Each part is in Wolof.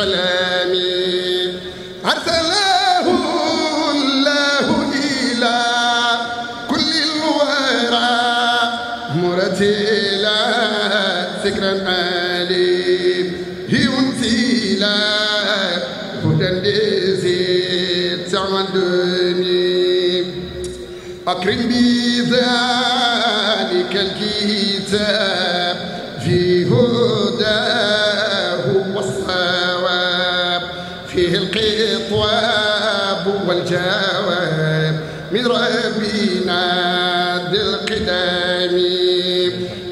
بالقلم أرسله الله إلى كل الورى مرتلا ذكرا أليم ينزيلا هدى لزيد تعمدني أكرم بذلك الكتاب فيه القيط واب والجواب من ربنا ذي القدام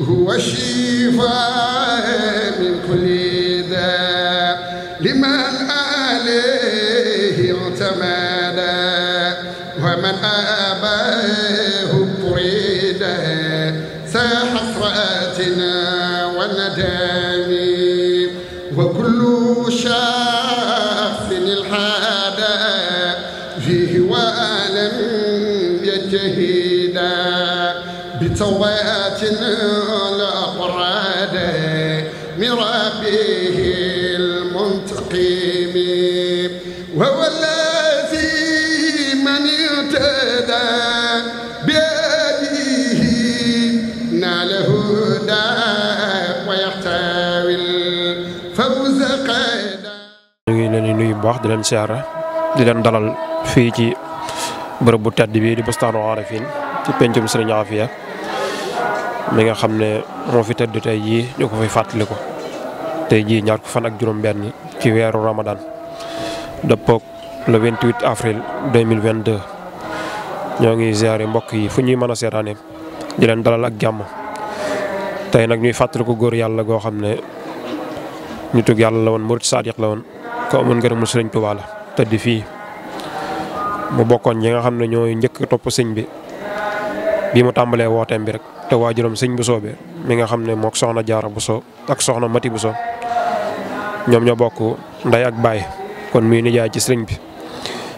هو الشفاء من كل ذا لمن عليه اعتمد ومن آله wax di leen siyaare di leen dalal fii ci bërëb bu tedd bii di Bustaanu Arifin ci pencum Sëriñ Afiya mi nga xam ne moo fi tëdd tey jii ñu ko fi ko tey jii ñaar ko fan ak juróom-benn ci weeru Ramadan dëppook le 28 avril 2022 ñoo ngi ziare mbokk yi fu ñuy mën a seetaane di leen dalal ak jàmm tey nag ñuy fàttaliku góor yàlla goo xam ne ñu tug yàlla la woon murit saadiq la woon. ko amoon ngërëmul sëriñ Tuubaa la tëdd fii mu bokkoon ñi nga xam ne ñooy njëkk topp sëñ bi bi mu tàmbalee wooteem bi rek te waajuram sëñ bu soobee mi nga xam ne mook soxna jaara bu so ak soxna mati bu ñoom ñoo bokk nday ak kon muy nijaay ci sëriñ bi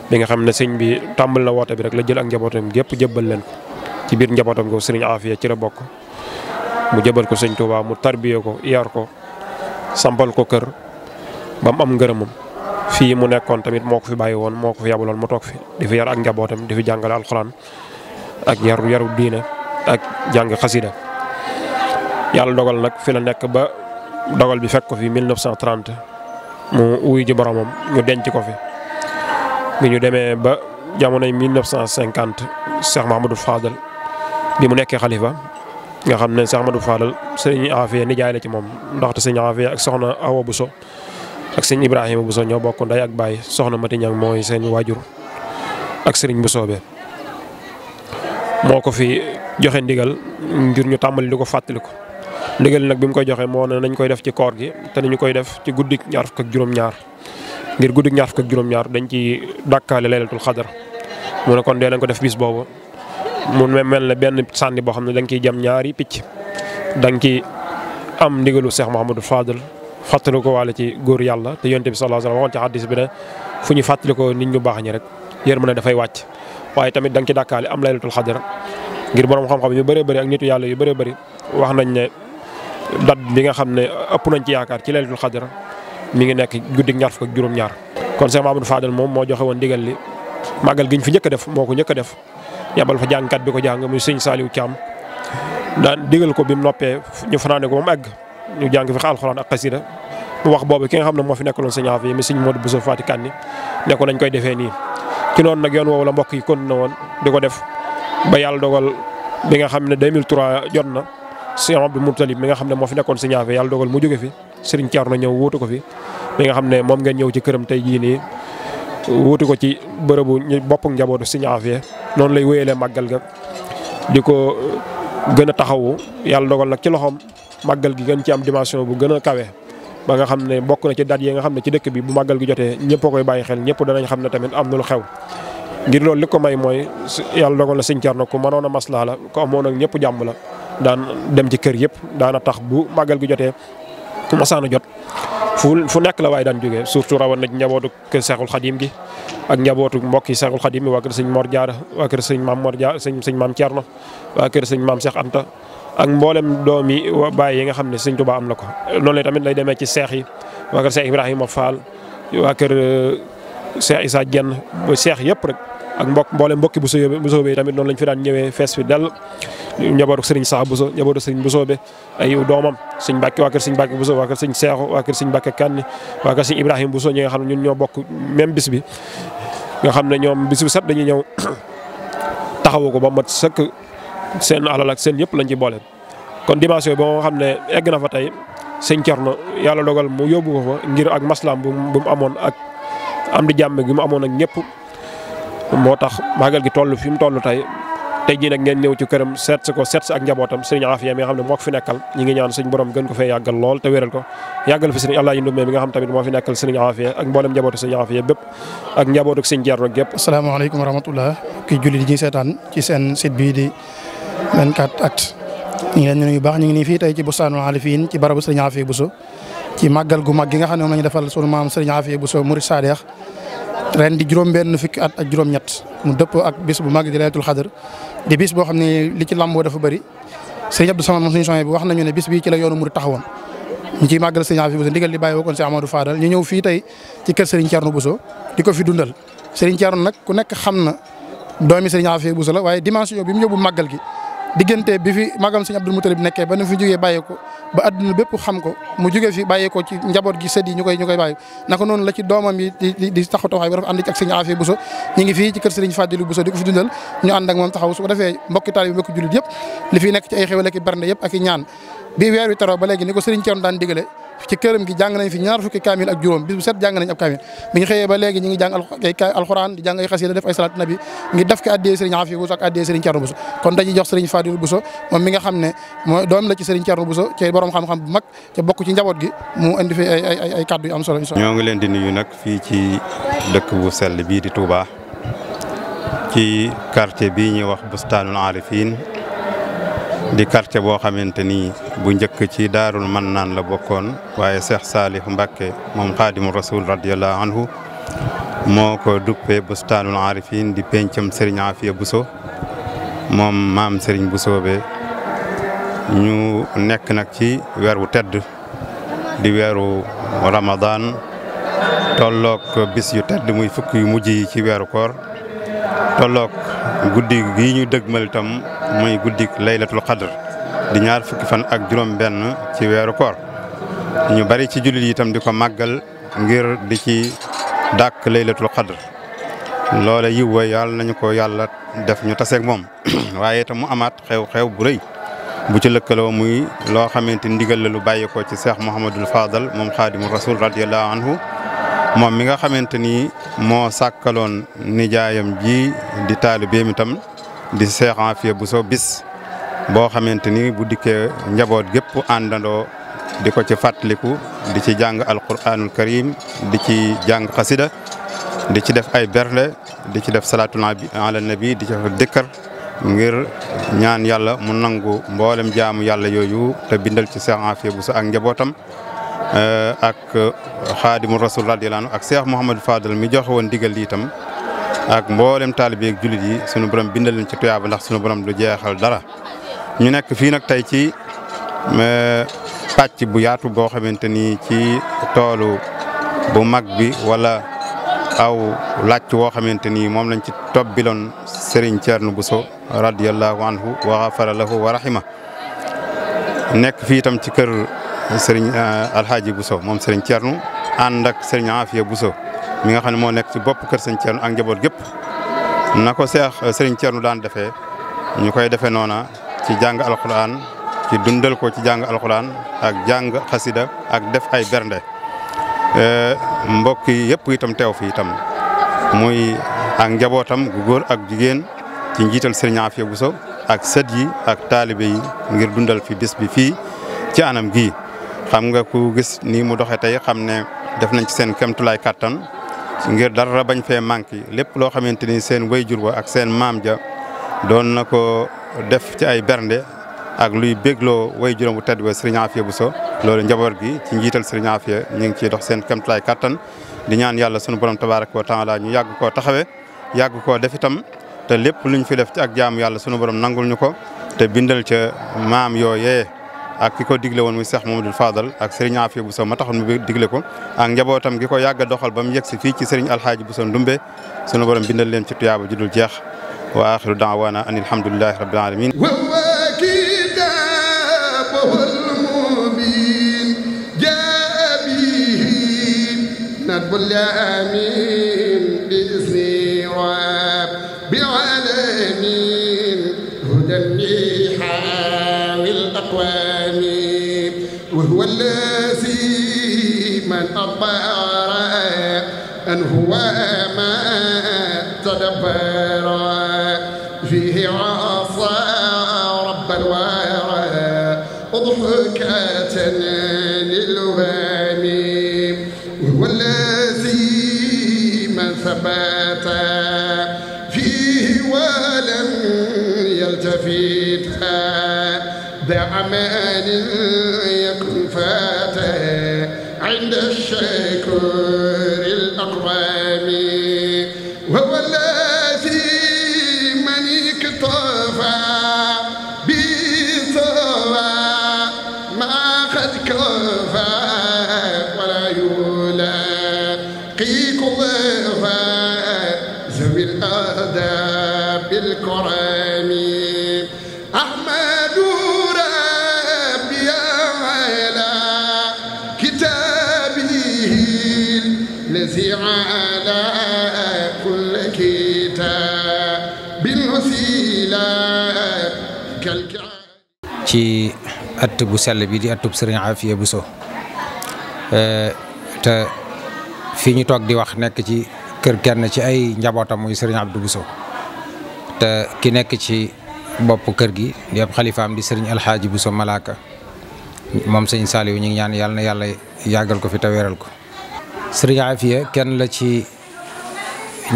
bi nga xam ne sëñ bi tàmbal na woote bi rek la jël ak njabootam gépp jëbbal leen ko ci biir njabootam ko sëriñ Afiya ci la bokk mu jëbal ko sëñ Tuubaa mu tarbiyee ko yar ko sampal ko kër ba mu am ngërëmam fii mu nekkoon tamit moo ko fi bàyyi woon moo ko fi yabaloon mu toog fi di fi yar ak njabootam di fi jàngale alxuraan ak yaru yaru diine ak jàng xasida yàlla dogal nag fi la nekk ba dogal bi fekk ko fi 1930 mu wuy ji boromam ñu denc ko fi bi ñu demee ba jamonoy 1950 Cheikh Mahamadou Fadal bi mu nekkee xalifa nga xam ne Cheikh Mahamadou Fadal sëñ Afia nijaay la ci moom ndaxte sëñ Afia ak soxna Awa Bousso ak sëñ Ibrahima Bousso ñoo bokk nday ak baay soxna Mati Ñang mooy seen waajur ak sëriñ bu soobee moo ko fi joxe ndigal ngir ñu tàmbali di ko fàttaliku ndigal nag bi mu koy joxe moo ne nañ koy def ci koor gi te nañu koy def ci guddik ñaar fukk ak juróom-ñaar ngir guddik ñaar fukk ak juróom-ñaar dañ ci dàkkaale laylatul xadar mu ne kon dee nañ ko def bis boobu mu mel ne benn sànni boo xam ne da nga ciy jam ñaari picc da ki am ndigalu Cheikh Mouhamadou Fadel fàttali ko waale ci góor yàlla te yonte bi sallallahu alayhi wasallam waxoon ci xaddis bi ne fu ñu fàttalikoo nit ñu baax ñi rek yërmande dafay wàcc waaye tamit danga ci dàkkaale am laylatul xadr ngir borom xam-xam yu bare bëri ak nitu yàlla yu bare bëri wax nañ ne dat bi nga xam ne ëpp nañ ci yaakaar ci laylatul xadr mu ngi nekk guddik ñaar fukk ak juróom-ñaar kon Cheikh Mamadou Fadal moom moo joxe woon digal li màggal giñ fi njëkk a def moo ko njëkk a def yabal fa jàngkat bi ko jàng muy sëñ Saliou Thiam daan digal ko bi noppee ñu fanaane ko ba ñu jàng fi alxuraan ak xasida mu wax boobu ki nga xam ne moo fi nekkaloon sëñ Afia mi sëñ Modou Bousso Fati Kanni ne ko nañ koy defee nii ci noonu nag yoon woowu la mbokk yi kon na woon di ko def ba yàlla dogal bi nga xam ne 2003 jot na sëñ Abdou Moutalib mi nga xam ne moo fi nekkoon sëñ Afia yàlla dogal mu jóge fi sëriñ Thierno ñëw wuutu ko fi mi nga xam ne moom ngeen ñëw ci këram tey jii nii wuutu ko ci bërëbu ñu bopp njabootu sëñ Afia noonu lay wéyalee màggal ga di ko gën a taxawu yàlla dogal nag ci loxoom màggal gi gën ci am dimension bu gën a kawe ba nga xam ne bokk na ci date yi nga xam ne ci dëkk bi bu màggal gi jotee ñëpp koy bàyyi xel ñëpp danañ xam ne tamit am na lu xew ngir loolu li ko may mooy yàlla dogal na Sëñ Cerno ku mënoon a maslaa la ko moo ak ñëpp jàmm la daan dem ci kër yëpp daana tax bu màggal gi jotee masaana jot fu fu nekk la waaye daan jógee surtout rawan na ci njabootu kër Seexul Xadim gi ak njabootu mbokk yi Seexul Xadim yi waa sëñ Mor Jaara waa kër sëñ Maam Mor Jaara sëñ sëñ Maam Cerno waa kër sëñ Maam Seex Anta ak mbooleem doom yi wa bàyyi yi nga xam ne sëñ Tuubaa am na ko noonu la tamit lay demee ci seex yi waa kër Seex Ibrahima Fall waa kër uh, Seex Isaa Jenn ba seex yëpp rek ak mbokk mboolem mbokki bu soobe bu soobe tamit noonu lañ fi daan ñëwee fees fi dal njabootu sëriñ sax Buso njabootu sëriñ Busoobe ay doomam sëñ Mbàkke waa kër sëñ Mbàkke Buso waa kër sëñ Seexu waa kër sëñ Mbàkke Kanni waa kër sëñ Ibrahima Buso ñi nga xam ne ñun ñoo bokk même bis bi nga xam ne ñoom bis bu set dañuy ñëw ko ba seen alal ak seen yëpp lañ ci boole. kon dimension bi xam ne egg na fa tey sëñ Thierno yàlla dogal mu yóbbu ko fa ngir ak maslaam bu mu amoon ak am di jàmm gi mu amoon ak ñëpp moo tax màggal gi toll fi mu toll tey. tey jii nag ngeen ñëw ci këram seet si ko seet si ak njabootam sëriñ Afia mi ñi ngi ñaan suñ borom gën ko fee yàggal lool te wéral ko yàggal fi sëriñ allah nga xam tamit moo fi nekkal sëriñ Afia ak mboolem njabootu sëriñ Afia bépp ak njabootu sëriñ Thierno gépp asalaamaaleykum wa rahmatullah kii seetaan ci seen si bii di 24 actu ñu ngi leen di nuyu baax ñu gu mag gi nga ne moom ñu defal sunu maam Serigne Afia Bousso ak juróom-ñett mu dëppoo ak bu mag di Laylatul Qadr di boo xam li ci lamboo dafa bëri Serigne Abdou Samad moom bi wax nañu ne bis bii ci la yoonu murid taxawoon ñu ciy màggal Serigne Afia Bousso ndigal li bàyyi woon si Amadou Fadal ñu ñëw fii tey ci kër Serigne Thierno Bousso di ko fi dundal Serigne Thierno nag ku nekk xam na doomi Serigne Afia Bousso la waaye dimension bi mu yóbbu màggal gi diggante bi fi magam sëñ Abdul Mutalib nekkee ba nu fi jógee bàyyi ko ba àdduna bépp xam ko mu jógee fi bàyyi ko njaboot gi sët yi ñu koy ñu koy bàyyi naka noonu la ci doomam yi di di taxaw taxawaay bu rafet ànd ci ak sëñ Afia Bousso ñu ngi fii ci kër Sëriñ Fadilu Bousso di ko fi dundal ñu ànd moom taxaw su ko defee mbokki taalibe mbokki jullit yëpp li fi nekk ci ay xéwal ak i bernde yëpp ak i ñaan bi weer wi taroo ba léegi ni ko Sëriñ Ceerno daan digale ci këram gi jàng nañ fi ñaar fukki kaamil ak juróom bis set jàng nañ ab kaamil bi ñu xëyee ba léegi ñu ngi jàng alxuraan di jàng ay xasida def ay salaat nabi ngi def ko addee sëriñ Afi Bousso ak addee kon dañuy jox sëriñ Fadil Bousso moom mi nga xam ne mooy doom la ci sëriñ Thierno Bousso ci borom xam-xam bu mag ca bokk ci njaboot gi mu indi fi ay ay ay kàddu yu am solo ñoo ngi leen di nuyu nag fii ci dëkk bu sell bii di Touba ci quartier bii ñuy wax Bustaanul Arifin di quartier boo xamante ni bu njëkk ci daarul mannaan la bokkoon waaye Cheikh Saliou Mbacké moom xaadimu rasul radiyallahu anhu moo ko duppee bustaanul aarifin di pencam Serigne Afia Bousso moom maam sëriñ Bousso be ñu nekk nag ci weer wu tedd di weeru Ramadan tolloog bis yu tedd muy fukk yu mujj yi ci weeru koor tolloog guddi gii ñu dëgmal itam muy guddi laylatul xadr di ñaar fukki fan ak juróom-benn ci weeru koor ñu bari ci jullit yi itam di ko màggal ngir di ci dàkk laylatul xadr loola yiw wa yàlla nañu ko yàlla def ñu taseeg moom waaye itam mu amaat xew-xew bu rëy bu ci lëkkaloo muy loo xamante ndigal la lu bàyyeekoo ci seex Muhammadul Fadal moom xaadimul rasul radiyallahu anhu moom mi nga xamante ni moo sàkkaloon nijaayam ji di taalibeem itam di Cheikh Afia Bousso bis boo xamante ni bu dikkee njaboot gépp àndandoo di ko ci fàttaliku di ci jàng alquranul karim di ci jàng xasida di ci def ay berle di ci def salaatul ala nabi di ci def dikkar ngir ñaan yàlla mu nangu mboolem jaamu yàlla yooyu te bindal ci Cheikh Afia Bousso ak njabootam Euh, ak euh, xaadimu rasul radiyallaahu anhu ak Cheikh Mouhamadou Fadal mi joxe woon digal lii ak mboolem taalibe ak jullit yi sunu borom bindal leen ci tuyaaba ndax sunu borom du jeexal dara ñu nekk fii nag tey ci euh, pàcc bu yaatu boo xamante ni ci toolu bu mag bi walla aw làcc woo xamante ni moom lañ ci tobbiloon Serigne Thierno Bousso radiyallaahu anhu wa xafara lahu wa rahima nekk fii tam ci kër. sëriñ euh, Alhaji Bousso moom sëriñ Thierno ànd ak sëriñ Afia Bousso mi nga xam ne moo nekk ci bopp kër sëriñ ak njaboot gépp na ko seex euh, sëriñ Thierno daan defee ñu koy defee noona ci jàng alxuraan ci dundal ko ci jàng alxuraan ak jàng xasida ak def ay bernde euh, mbokk yi yëpp itam teew fi itam muy ak njabootam gu góor ak jigéen ci njiital sëriñ Afia Bousso ak sët yi ak taalibe yi ngir dundal fi bis bi fii ci anam gii xam nga ku gis nii mu doxee tey xam ne def nañ ci seen kéemtulaay kattan ngir dara bañ fee manqué lépp loo xamante ni seen wayjur wa ak seen maam ja doon na ko def ci ay bernde ak luy bégloo wayjuram bu tedd ba sëriñ bu so loolu njaboot gi ci njiital sëriñ Afia ñu ngi ciy dox seen kéemtulaay kattan di ñaan yàlla sunu borom tabaaraka wa taala ñu yàgg koo taxawe yàgg koo def itam te lépp luñ fi def ci ak jaam yàlla sunu borom nangul ñu ko te bind ca maam yooyee ak ki ko digle woon muy Cheikh Mamadou Fadal ak Serigne Afia Bousso ma taxoon mu digle ko ak njabootam gi ko yàgg doxal ba mu yegg si fii ci Serigne Alhaaji Bousso Ndumbe sunu borom bindal leen ci tuyaaba ju dul jeex wa axiru daawaana an alhamdulilahi rabbil alamin قل يا آمين بإذني وبعالمين جبارا أن هو ما تدبرا فيه عصى رب الورى أضحكة للغني وهو الذي من ثبت فيه ولم يلتفت دع من عند الشيخ ci att bu sell bi di attub sëriñ Afiya Buso eh, te fii ñu toog di wax nekk ci kër kenn ci ay njabootam muy sëriñ Abdou Buso te ki nekk ci bopp kër gi di ab xalifaam di sëriñ Alxaaji Buso Malaaka moom sëñ Saaliw ñu ngi ñaan yàlla na yàlla yàggal ko fi te ko sëriñ Afiya kenn la ci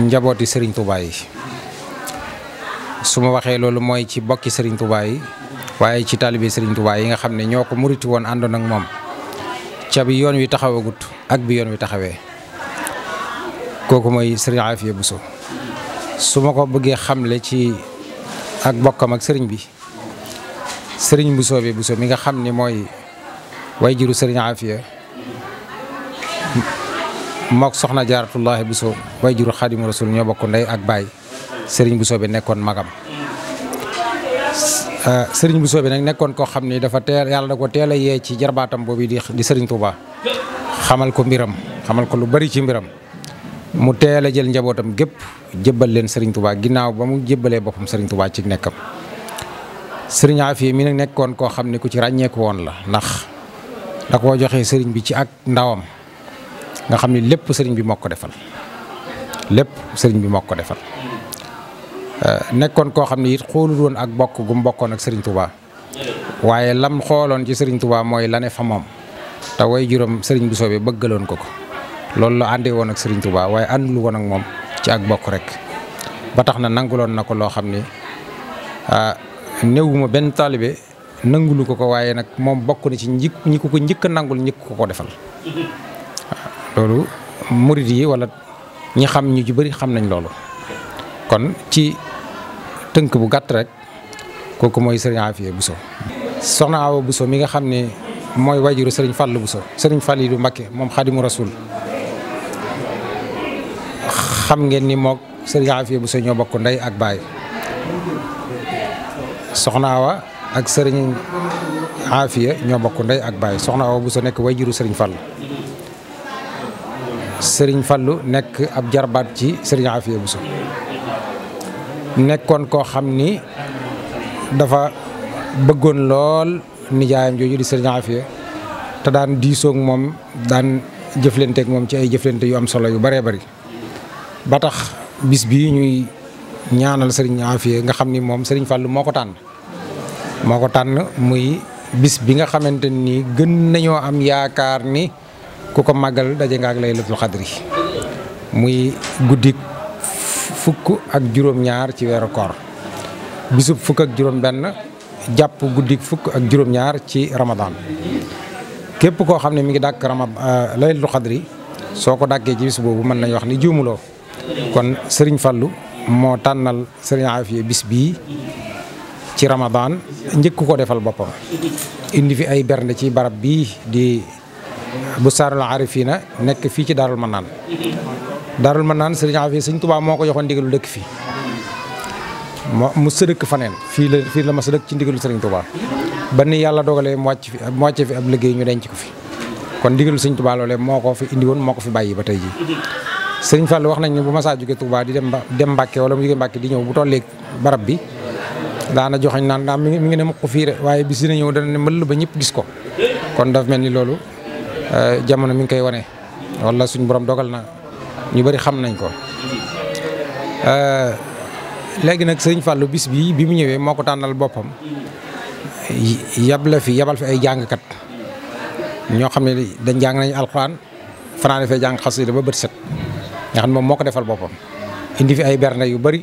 njabooti sëriñ Tuubaa yi su ma waxee loolu mooy ci bokki sëriñ Tuubaa yi waaye ci taalibe Serigne Touba yi nga xam ne ñoo ko muriti woon àndoon ak moom ca bi yoon wi taxawagut ak bi yoon wi taxawee kooku mooy Serigne Afia Bousso su ma ko bëggee xamle ci ak bokkam ak sëriñ bi Serigne Bousso bi Bousso mi nga xam ni mooy way juru Serigne Afia mook soxna jaaratullahi Bousso way juru Xaadimu Rasul ñoo bokk ndey ak baay sëriñ Bousso bi nekkoon magam Euh, sëriñ bu soobi nag nekkoon koo xam ni dafa teel yàlla da ko teel a yee ci jarbaatam boobu di di sëriñ Touba xamal ko mbiram xamal ko lu bari ci mbiram mu teel a jël njabootam gépp jébbal leen sëriñ Touba ginnaaw ba mu jëbbalee boppam sëriñ Touba ci nekkam sëriñaa fii mi nag nekkoon koo xam ne ku ci ràññeeku woon la ndax da koo joxee sëriñ bi ci ak ndawam nga xam ni lépp sëriñ bi mook ko defal lépp sëriñ bi moo ko defal Euh, nekkoon koo xam ne it xoolul woon ak bokk gu mu bokkoon ak Serigne Touba waaye lam xooloon ci Serigne Touba mooy la ne fa moom te way juróom sëriñ bu soobee bëggaloon ko ko loolu la àndee woon ak Serigne Touba waaye àndul woon ak moom ci ak bokk rek ba tax na nanguloon na ko loo xam ne néewuma benn taalibe nangulu ko ko waaye nag moom bokk na ci njëkk ñi ko ko njëkk a nangul ñi ko ko defal loolu murid yi wala ñi xam ñi ci bëri xam nañ loolu kon ci tënk bu gàtt rek kooku mooy sëriñ Afia Bousso soxna Awa Bousso mi nga xam ne mooy wajuru sëriñ Fallou Bousso sëriñ Fallou Mbacké moom xadimu rasul xam ngeen ni moog sëriñ Afia Bousso bokk ndey ak baay soxna Awa sëriñ Afia ñoo bokk ndey ak baay soxna Awa Bousso nekk wajuru sëriñ Fallou sëriñ Fallou nekk ab jarbaat ci sëriñ Afia Bousso nekkoon koo xam ni dafa bëggoon lool nijaayam jooju di sëriñ Afia te daan diisoog moom daan jëflanteeg moom ci ay jëflante yu am solo yu bëree bari ba tax bis bi ñuy ñaanal sëriñ Afia nga xam ni moom sëriñ Fallou moo ko tànn moo ko tànn muy bis bi nga xamante ni gën nañoo am yaakaar ni ku ko màggal daje nga ak laylatul xadri muy guddik fukk ak juróom-ñaar ci weeru koor bisub fukk ak juróom-benn jàpp guddi fukk ak juróom-ñaar ci ramadan képp koo xam ne mi ngi dàkk rama euh, laylatul xadri soo ko dàkkee ci bis boobu mën nañu wax ni juumuloo kon sëriñ Fallu moo tànnal sëriñ Afiya bis bii ci ramadan njëkk ko defal boppam indi fi ay bernde ci barab bii di bu saarul arifina nekk fii ci daarul manaan daarul ma naan sëriñ Afia sëñ Tuubaa moo ko joxoon ndigalu dëkk fii moo mu sa dëkk faneen fii la fii la ma sa dëkk ci ndigalu sëriñ Tuubaa ba ni yàlla dogalee mu wàcc fi mu wàccee fi ab liggéey ñu denc ko fi kon ndigalu sëñ Tuubaa loolee moo ko fi indi moo ko fi bàyyi ba tey jii sëriñ Fall wax nañ ne bu ma saa jógee Tuubaa di dem dem Mbàkke wala mu jógee Mbàkke di ñëw bu tollee barab bi daana joxañ naan daa mi ngi mi ngi ne mukk fii rek waaye bisi dina ñëw dana ne mël ba ñëpp gis ko kon daf mel ni loolu euh, jamono mi ngi koy wane wala suñ borom dogal na ñu bari xam nañ ko euh, léegi nag sëriñ Fallou bis bii bi mu ñëwee moo ko tànnal boppam yab la fi yabal fi ay jàngkat ñoo xam ne dañ jàng nañu alxuraan fanaa defee jàng xasida ba bët set nga moom moo ko defal boppam indi fi ay berne yu bari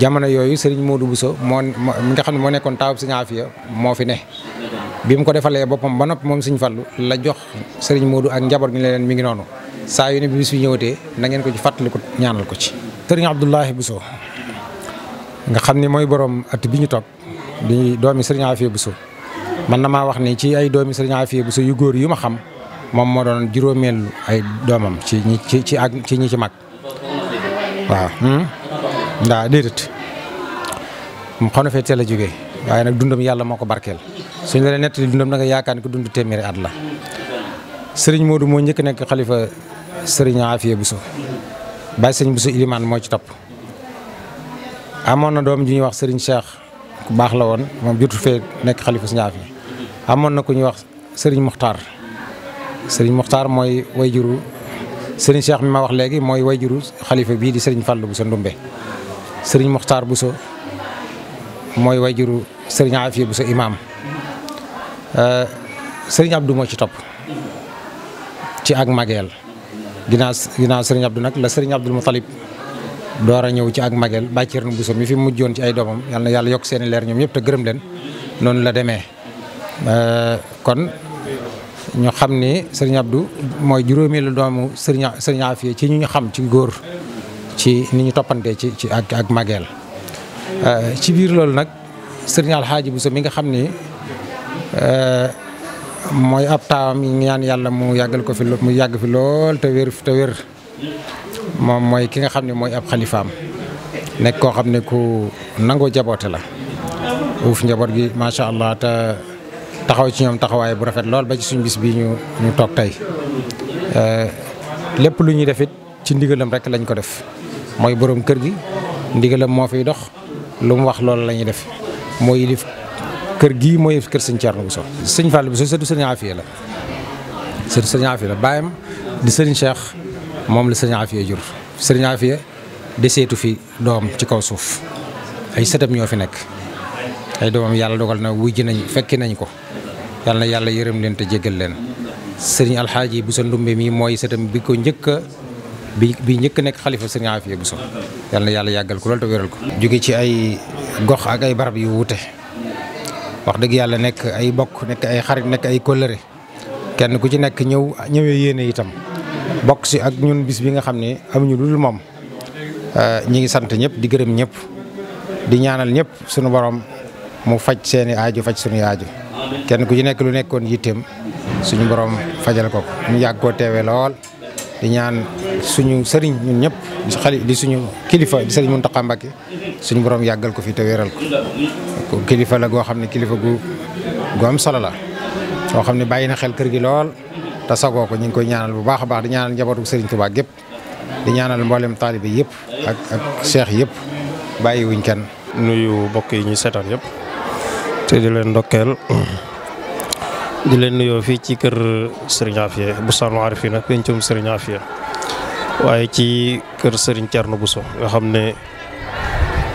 jamono yooyu sëriñ Modou Bousso moo mi xam ne moo nekkoon taawub sëriñ Afia moo fi ne bi mu ko defalee boppam ba noppi moom sëriñ Fallou la jox sëriñ Modou ak njaboot gi ne leen mi ngi noonu saa yu ne bi bis bi ñëwatee na ngeen ko ci fàttaliku ñaanal ko ci. sëriñ Abdoulahi Bousso nga xam ne mooy boroom at bi ñu toog di doomi sëriñ Afia Bousso man na maa wax ni ci ay doomi sëriñ Afia Bousso yu góor yu ma xam moom moo doon juróomeelu ay doomam ci ñi ci ci ak ci ñi ci mag waaw. Hmm? ndaa déedéet mu xaw na fee teel a jógee waaye nag dundam yàlla moo ko barkeel suñ la nee nettali dundam da yaakaar ne ko dund téeméeri at la sëriñ Modou moo njëkk nekk xalifa sëriñ Afia Bousso Baye sëñ Bousso Ilimaan moo ci topp amoon na doom ju ñuy wax sëriñ Cheikh ku baax la woon moom jotu fee nekk xalifa sëñ Afia amoon na ku ñuy wax sëriñ Muxtaar sëriñ Muxtaar mooy way juru Cheikh mi ma wax léegi mooy wayjuru xalifa bii di sëriñ bu Bousso Ndumbe sëriñ Muxtaar Bousso mooy wayjuru sëriñ bu Bousso imaam euh, sëriñ Abdou moo ci topp ci ak mageel ginaa ginnaaw sëriñ Abdou nag la sëriñ Abdou Moutalib door a ñëw ci ak Maguel bàcceer na Bousso mi fi mujjoon ci ay doomam yal na yàlla yokk seeni leer ñoom ñëpp te gërëm leen noonu la demee. Euh, kon ñu xam ni sëriñ Abdou mooy juróomeelu doomu sëriñ sëriñ Afia ci ñu ñu xam ci góor ci ni ñu toppantee ci ci ak ak Maguel euh, ci biir loolu nag sëriñ Alxaaji Bousso mi nga xam ni. Euh, mooy ab taawam yi ñaan yàlla mu yàggal ko fi mu yàgg fi lool te wér te wér moom mooy ki nga xam ne mooy ab xalifaam nekk koo xam ne ku nangoo jaboote la uuf njaboot gi macha allah te taxaw ci ñoom taxawaay bu rafet lool ba ci suñu bis bi ñu ñu toog tey eh, lépp lu ñuy defit ci ndigalam rek lañ ko def mooy borom kër gi ndigalam moo fiy dox lu mu wax loolu la ñuy def moo yilif kër gii mooy kër sëñ Thierno Bousso sëñ Fallou Bousso sëtu sëñ Afia la sëtu sëñ Afia la baayam di sëriñ Cheikh moom la sëñ Afia jur sëriñ Afia fi doom ci kaw suuf ay sëtam ñoo fi nekk ay yàlla dogal na wujj nañ fekki nañ ko yàlla na yàlla yërëm leen te jéggal leen sëriñ Alxaaji Bousso Ndumbe mi mooy sëtam bi ko njëkk bi bi njëkk nekk xalifa sëriñ Afia Bousso yàlla yàggal ko loolu te wéral ko jóge ci ay gox ak ay barab yu wute wax dëgg yàlla nekk ay bokk nekk ay xarit nekk ay kóllëre kenn ku ci nekk ñëw ñëwee yéene itam bokk si ak ñun bis bi nga xam ne amuñu lu dul moom euh, ñi ngi sant ñëpp di gërëm ñëpp di ñaanal ñëpp suñu borom mu faj seeni aaju faj sunu aaju kenn ku ci nekk lu nekkoon yitteem suñu borom fajal ko mu yàgg koo teewee lool di ñaan suñu sëriñ ñun ñëpp di suñu kilifa di sëriñ Mountakha Mbacké suñu borom yàggal ko fi te wéral ko kilifa la goo xam ne kilifa gu gu am solo la soo xam ne bàyyi na xel kër gi lool te sagoo ko ñu ngi koy ñaanal bu baax a baax di ñaanal njabootu sëriñ Touba gépp di ñaanal mboolem taalibe yëpp ak ak cheikh yëpp bàyyiwuñ kenn nuyu mbokk yi ñu seetaan yëpp te di leen ndokkeel di leen nuyoo fii ci kër bu Afia Boustanoul Harifina pencum Serigne Afia waaye ci kër Serigne na buso nga xam ne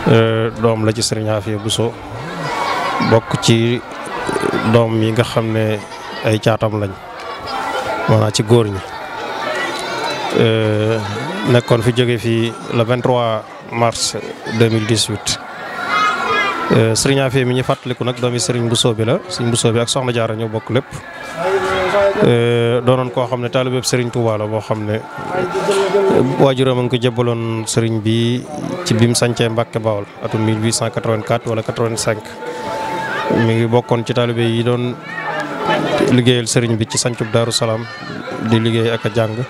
e, doom la ci Serigne Afia Bousso bokk ci doom yi nga xam ne ay caatam lañ maanaam ci góor ñi e, nekkoon fi jóge fii le 23 mars 2018. Euh, sëriñ Afia mi ñu fàttaliku nag doomi sëriñ bu bi la sëriñ bu bi ak soxna Jaara ñoo bokk lépp euh, doonoon koo xam ne taalibeb sëriñ Touba la boo xam ne euh, waajuram a ngi ko jëbbaloon sëriñ bi ci bi mu sancee Mbàkke Bawol atum 1884 wala 85 mi ngi bokkoon ci taalibe yi doon liggéeyal sëriñ bi ci sancub Daaru Salaam di liggéey ak jàng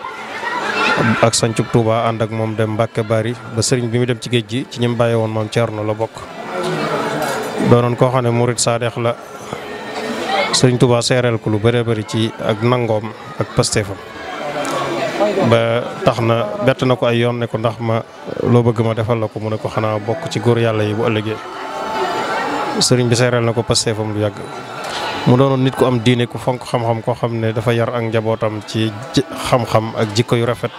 ak sancub Touba ànd ak moom dem Mbàkke baari ba sëriñ bi mu dem ci géej gi ci ñim bàyyi woon moom na la bokk doonoon koo xam ne murit saadeex la sëriñ Touba seereel ko lu bëree bëri ci ak nangoom ak pasteefam ba tax na bett na ko ay yoon ne ko ndax ma loo bëgg ma defal la ko mu ne ko xanaa bokk ci góor yàlla yi bu ëllëgee sëriñ bi seereel na ko pasteefam lu yàgg mu doonoon nit ko am diine ku fonk xam-xam koo xam ne dafa yar ak njabootam ci xam-xam ak jikko yu rafet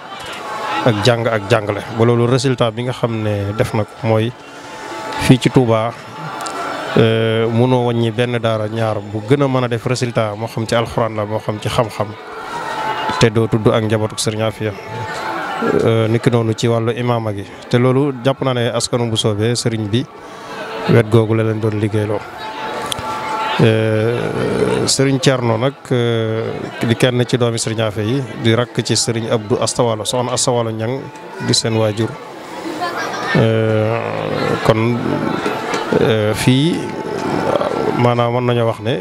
ak jàng ak jàngale ba loolu résultat bi nga xam ne def na ko mooy fii ci Touba Euh, mënoo wàññi benn daara ñaar bu gën a mën a def résultat moo xam ci alxuraan la moo xam ci xam-xam te doo tudd ak njabootu Sëriñ Afiya euh, niki noonu ci wàllu imama gi te loolu jàpp naa ne askanu bu soobee sëriñ bi wet googu la leen doon liggéeyloo euh, sëriñ noo nag di kenn ci doomi Sëriñ yi di rakk ci sëriñ Abdou Astawalo soxna Astawalo Ñang di seen waajur kon Euh, fii maanaam mën nañoo wax ne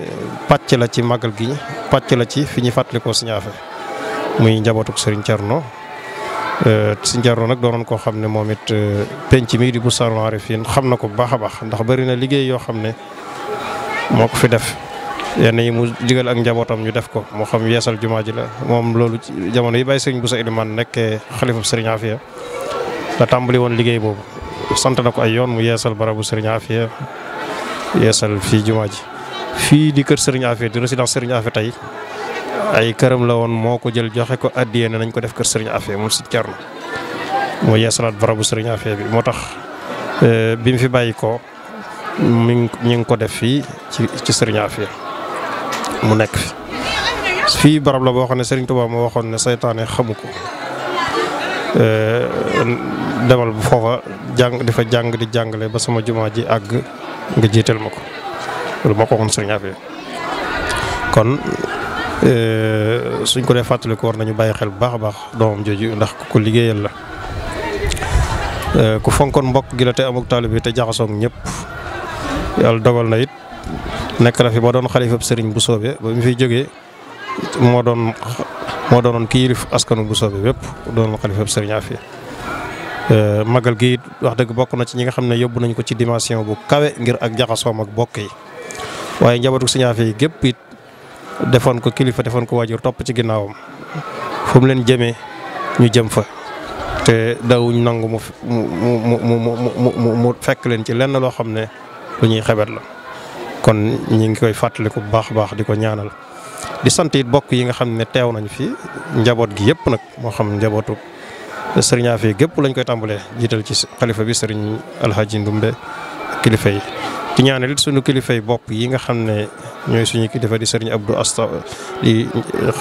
pàcc la ci màggal gi pàcc la ci fi ñu fàttalikoo Sëriñ Afe muy njabootuk Sëriñ Cerno euh, Sëriñ Cerno nag doonoon koo xam ne moom it euh, penc mi di Bustaanul Aarifiin xam na ko bu baax a baax ndax bari na liggéey yoo xam ne moo ko fi def yenn yi mu digal ak njabootam ñu def ko moo xam yeesal jumaa ji la moom loolu jamono yi bàyyi sëriñ bu sa ilimaan nekkee xalifab sëriñ ya la tàmbali woon liggéey boobu sant na ko ay yoon mu yeesal barabu sëriñ Afia yeesal fii jumaa ji fii di kër sëriñ Afia si résidence sëriñ Afia tey ay këram la woon moo ko jël joxe ko addiyee ne nañ ko def kër sëriñ Afia moom si Cerno mu barabu sëriñ bi moo tax eh, bi mu fi bàyyi ko ko def fii ci ci sëriñ mu nekk fi fii barab la boo xam ne sëriñ Tuubaa moo waxoon ne seytaane xamu ko Euh, demal bu foofa jàng di fa jàng di jàngale ba sama jumaa ji àgg nga jiital ma ko loolu moo ko waxoon sëriñ kon euh, suñ ko dee fàttali ko war nañu bàyyi xel bu baax a baax doomam jooju ndax ku ko liggéeyal la euh, ku fonkoon mbokk gi la te amuk taalib bi te jaxasoog ñëpp yàlla dogal na it nekk na fi ba doon xalifab sëriñ bu soobee ba mu fiy jógee moo doon moo doonoon kii yilif askanu bu soobee wépp doonoon xalifa sëriñ Afia euh, magal gi wax dëgg bokk na ci ñi nga xam ne yóbbu nañ ko ci dimension bu kawe ngir ak jaxasoom ak bokk yi waaye njabootu sëriñ yi gépp it defoon ko kilifa defoon ko waajur topp ci ginnaawam foofu leen jëmee ñu jëm fa te dawuñ nangu mu mu mu mu fekk leen ci lenn loo xam ne lu ñuy xebet la kon ñu ngi koy fàttaliku bu baax a baax di ko ñaanal di sant it bokk yi nga xam ne teew nañ fi njaboot gi yëpp nag moo xam njabootu sëriñ Afia gépp lañ koy tàmbalee jiital ci xalifa bi sëriñ Alhaji Ndumbe kilifa yi. di ñaanal it suñu kilifa yi bopp yi nga xam ne ñooy suñu kilifa di sëriñ Abdou Asta di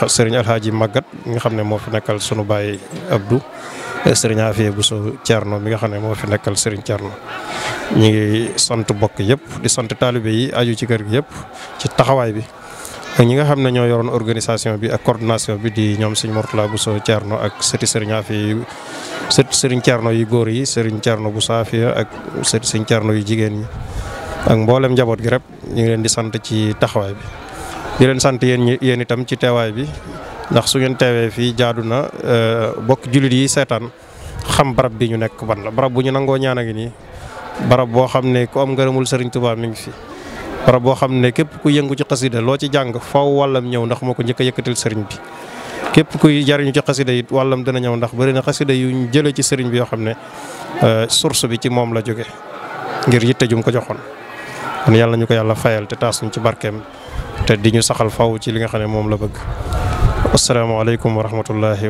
sëriñ màggat Magat nga xam ne moo fi nekkal sunu baay Abdou. sëriñ Afia bu soo Thierno bi nga xam ne moo fi nekkal sëriñ Thierno ñu ngi sant bokk yëpp di sant taalibe yi aju ci kër gi yëpp ci taxawaay bi. ak ñi nga xam ne ñoo yoroon organisation bi ak cordination bi di ñoom sëñ Mourtala Bousso Thierno ak sëti sëriñ Afia yi sëti sëriñ Thierno yu góor yi sëriñ Thierno Bousso Afia ak sëti sëriñ Thierno yu jigéen ñi ak mboolem njaboot gi rek ñu ngi leen di sant ci taxawaay bi di leen sant yéen ñi yéen itam ci teewaay bi ndax su ngeen teewee fii jaadu na euh, bokk jullit yi seetaan xam barab bi ñu nekk ban la barab bu ñu nangoo ñaan a ngi nii barab boo xam ne ku am ngërëmul Sëriñ Tuubaa mi ngi fi. barab boo xam ne képp ku yëngu ci xasida loo ci jàng faw wàllam ñëw ndax moo ko njëkk a yëkkatil sëriñ bi képp kuy jariñu ci xasida it wàllam dana ñëw ndax bëri na xasida yu ñu jëlee ci sëriñ bi yoo xam ne euh, source bi ci moom la jóge ngir yitte jum ko joxoon kon yàlla ñu ko yàlla fayal te taas ñu ci barkeem te di ñu saxal faw ci li nga xam ne moom la bëgg asalaamaaleykum wa rahmatullahi